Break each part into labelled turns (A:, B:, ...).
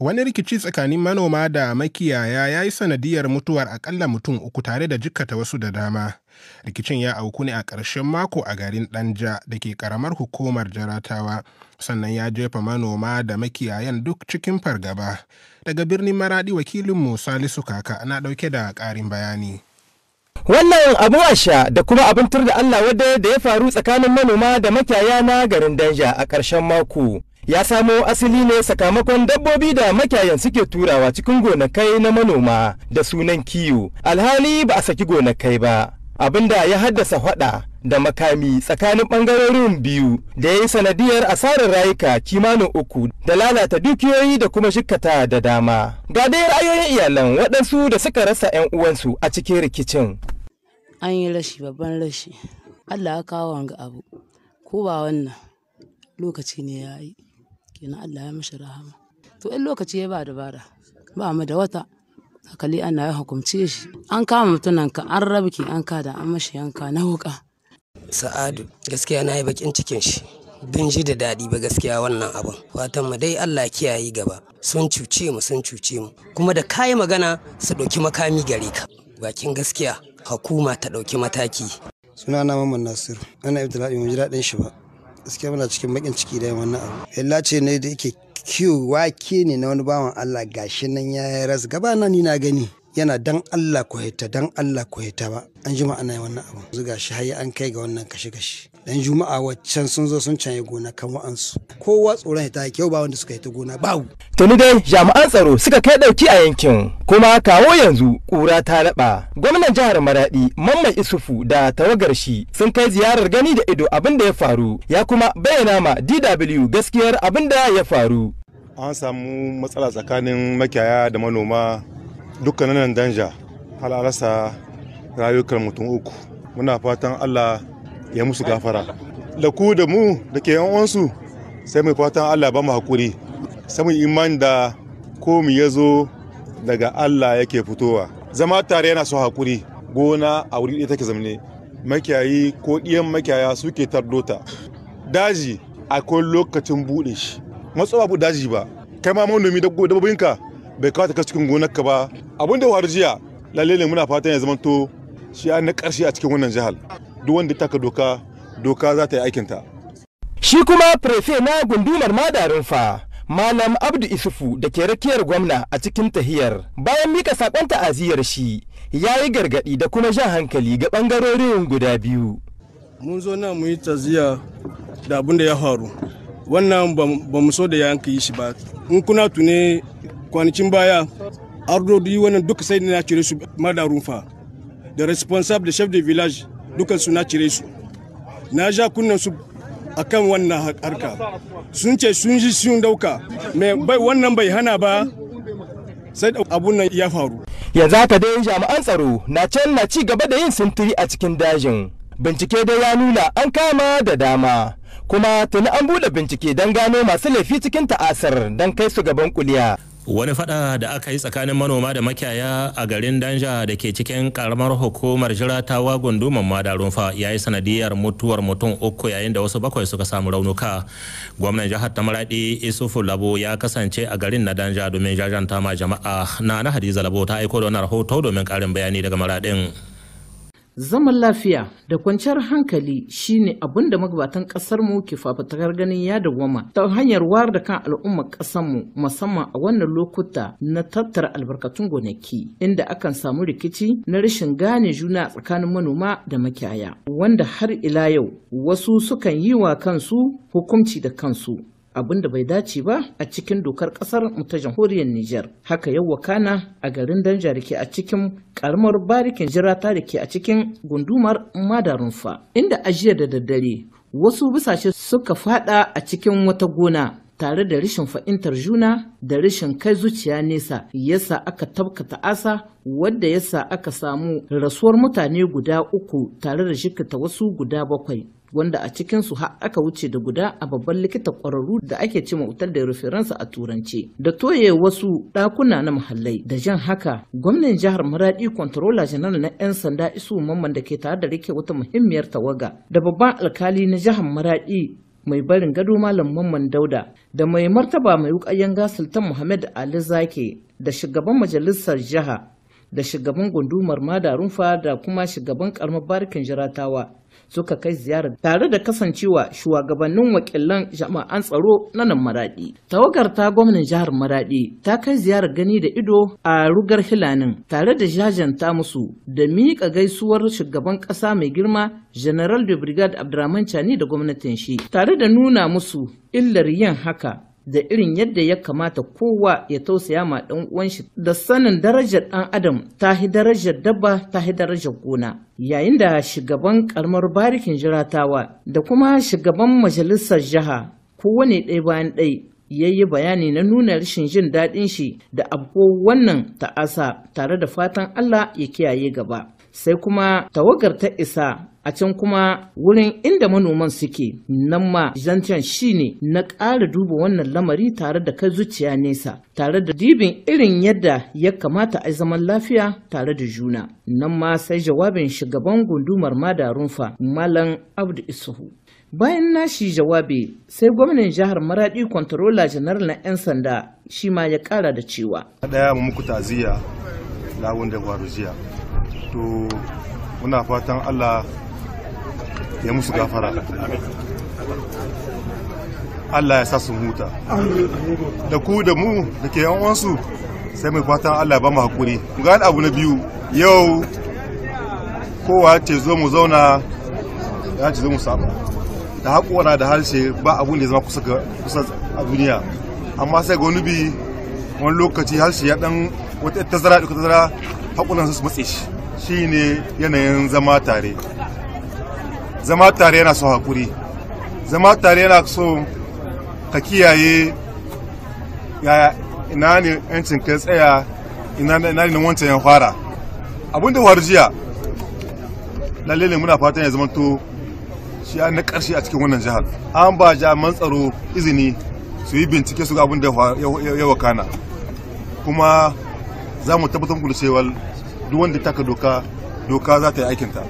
A: Wani rikici tsakanin manoma da makiyaya ya yi sanadiyar mutuwar akalla mutum uku tare da jikkata wasu da dama. Rikicin ya auku ne a ƙarshen mako a garin danja da ke ƙaramar hukumar Jaratawa, sannan ya jefa manoma da makiyayan duk cikin fargaba. Daga birnin Maradi wakilin Salisu Kaka na ɗauke da ƙarin bayani.
B: wannan abin asha da kuma abin tur da Allah wadda da ya faru tsakanin manoma da makiyaya na garin Danja a ƙarshen mako ya samo asali ne sakamakon dabbobi da makiyayan suke turawa cikin gonakai na manoma da sunan kiwo alhali ba a saki gonakai ba abinda ya haddasa hada da makami tsakanin bangarorin biyu da ya yi sanadiyar asarar rayuka kimanin uku da lalata dukiyoyi da kuma shikata da dama ga dai ra'ayoyin iyalan waɗansu da suka rasa 'yan uwansu a cikin rikicin
C: an yi rashi babban rashi allah ya kawo wanga abu ko ba wannan lokaci ne ya yi kenan Allah ya mishi rahama to in lokaci ya ba dabara ba mu da wata hakali ana ya hukumce shi an kama mutunan ka an rabki an kada an mashi yanka na wuka sa'adu gaskiya na
A: yi bakin cikin shi bin ji da daɗi ba gaskiya wannan abun fatan mu dai Allah kiyaye gaba
B: sun cuce mu sun cuce mu kuma da kayi magana su ɗauki makami gare ka bakin gaskiya hukuma ta ɗauki mataki sunana mamman nasiru ana ibtila'i mu ji daɗin shi ba gaskiya muna cikin bakin ciki da wannan abu illa ce ne da yake kiwo wake ne na wani bawan Allah gashi nan ya yi ras gaba na ni na gani yana dan Allah ku dan Allah ku ba an jima ana wannan abu zuga gashi har an kai ga wannan kashe kashe dan juma'a waccan sun zo sun canye gona kan wa'ansu kowa tsoron ya tayi kyau ba wanda suka yi ta gona ba. tuni dai jami'an tsaro suka kai dauki a yankin kuma kawo yanzu kura ta raɓa. gwamnan jihar maradi mamman isufu da tawagar shi sun kai ziyarar gani da ido abin da ya faru ya kuma bayyana ma dw gaskiyar abin da ya faru
A: an samu matsala tsakanin makiyaya da manoma dukkanin nan danja halarasa rayukan mutum uku muna fatan allah ya musu gafara da ku da mu da ke uwansu sai mai fatan Allah ba mu hakuri sai mu iman da komi ya zo daga Allah yake fitowa zama tare yana so hakuri gona a wuri ɗaya take zamne makiyayi ko ɗiyan makiyaya suke tardota daji akwai lokacin buɗe shi matsuwa bu daji ba kai ma manomi dabbobinka bai kawata ka cikin gonarka ba abin da jiya lalle ne muna fatan ya zamanto shi an na ƙarshe a cikin wannan jihar duk wanda ka doka doka za ta yi
B: aikinta shi kuma prefe na gundumar madarin fa malam abdu isufu da ke rakiyar gwamna a cikin tahiyar bayan mika sakon ta'aziyar shi ya yi gargadi da kuma jan hankali ga bangarorin guda biyu mun zo na mu yi taziya da abin da ya faru wannan ba mu so da yanka yi shi ba in kuna tune kwanakin baya duk wannan duka sai na cire su madarun fa da responsable da chef de village dukansu na cire su na ja kunnan su akan wannan harka sun ce sun ji sun dauka bai wannan bai hana ba sai abun nan ya faru yanzu haka dai jami'an tsaro na can na ci gaba da yin sintiri a cikin dajin bincike dai ya nuna an kama da dama kuma tuni an bude bincike don gano masu laifi cikin ta'asar don kai su gaban kuliya
C: wani fada da aka yi tsakanin manoma da makiyaya a garin danja da ke cikin karamar hukumar jira ta wagon duman Rumfa ya yi sanadiyar mutuwar mutum uku yayin da wasu bakwai suka samu raunuka gwamnan jihar ta maradi isufu labo ya kasance a garin na danja domin jajanta ma jama'a na na hadiza labo ta aiko da wani rahoto domin karin bayani daga maradin Zaman lafiya da kwanciyar hankali shine abin da magabatan ƙasarmu ke fafatakar ganin ya dawwama ta hanyar wayar da kan al'ummar ƙasarmu musamman a wannan lokuta na tattara albarkatun gonaki inda akan samu rikici na rashin gane juna tsakanin manoma da makiyaya wanda har ila yau wasu sukan yi wa kansu hukunci da kansu abin da bai dace ba a cikin dokar kasar mu ta jamhuriyar Nijar. Haka yau wakana a garin Danja da ke a cikin karamar barikin jirata da ke a cikin gundumar Madarunfa inda ajiya da daddare wasu bisashe suka fada a cikin wata gona tare da rashin fahimtar juna da rashin kai zuciya nesa yasa aka tabkata asa wadda yasa aka samu rasuwar mutane guda uku tare da jikata wasu guda bakwai wanda a cikinsu har aka wuce da guda a babban likita ƙwararru da ake cima wutar da rufiransa a turance da toye wasu ɗakuna na muhallai da jan haka gwamnan jihar maradi kwantarola janar na 'yan sanda isu mamman da ke tare da rike wata muhimmiyar tawaga da babban alkali na jihar maradi mai barin gado malam mamman dauda da mai martaba mai wukayen sultan muhammad ali Zaki da shugaban majalisar jiha da shugaban gundumar madarunfa da kuma shugaban karamar barikin jiratawa suka kai ziyarar tare da kasancewa shugabannin wakilan jama'an tsaro na nan maradi tawagar ta gwamnan jihar maradi ta kai ziyarar gani da ido a rugar hilanin tare da jajanta musu da miƙa gaisuwar shugaban ƙasa mai girma general de brigade abdurrahman chani da gwamnatin shi tare da nuna musu illar yin haka da irin yadda ya kamata kowa ya tausaya ma ɗan uwan shi da sanin darajar ɗan adam ta hi darajar dabba ta hi darajar gona yayin da shugaban karamar barikin jiratawa da kuma shugaban majalisar jiha kowane ɗaya bayan ɗaya ya yi bayani na nuna rashin jin daɗin shi da abko wannan ta'asa tare da fatan Allah ya kiyaye gaba. Sai kuma tawagar ta isa a can kuma wurin inda manoman suke nan ma zancen shine na ƙara duba wannan lamari tare da kai zuciya nesa tare da dibin irin yadda ya kamata a zaman lafiya tare da juna nan ma sai jawabin shugaban gundumar madarunfa malam abdu isuhu bayan nashi jawabi sai gwamnan jihar maradi kwantarola janar na 'yan sanda shi ma ya kara da cewa daya muku taziya
A: da to muna fatan allah ya musu gafara Allah ya sa su huta da ku da mu da ke su sai mai fatan Allah ba mu hakuri ga abu na biyu yau kowa ce zo mu zauna ya ce zo mu saba da haƙuwana da harshe ba abun da zama kusa a duniya amma sai ga wani bi wani lokaci harshe ya dan wata tazara da tazara haƙunan su matse shi shine yanayin zama tare zama tare yana so hakuri zama tare yana so ka kiyaye ya ina ne yancin kai tsaya ina ne wancan yan fara abin da jiya lalle ne muna fatan ya zamanto to shi na karshe a cikin wannan jihar an ba jami'an tsaro izini su yi bincike su ga abin da ya wakana kuma za mu tabbatar da cewa duk wanda taka doka doka za ta yi aikinta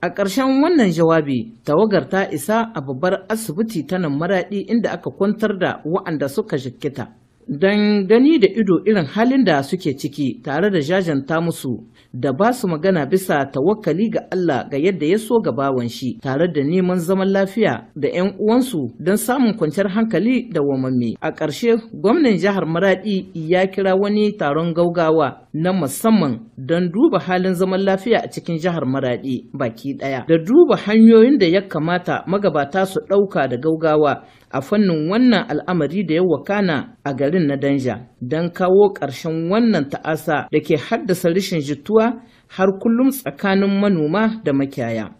C: A ƙarshen wannan jawabi, tawagar ta isa a babbar asibiti ta nan maraɗi inda aka kwantar da wa'anda suka jikkita. don gani da ido irin halin da suke ciki tare da jajanta musu da ba su magana bisa tawakkali ga Allah ga yadda ya so ga bawanshi, shi tare da neman zaman lafiya da 'yan uwansu don samun kwanciyar hankali da wamamme. A ƙarshe gwamnan jihar Maradi ya kira wani taron gaugawa na musamman don duba halin zaman lafiya a cikin jihar Maradi baki ɗaya da duba hanyoyin da ya kamata magabata su ɗauka da gaugawa a fannin wannan al'amari da ya wakana a garin garin na Danja don kawo ƙarshen wannan ta'asa da ke haddasa rashin jituwa har kullum tsakanin manoma da makiyaya.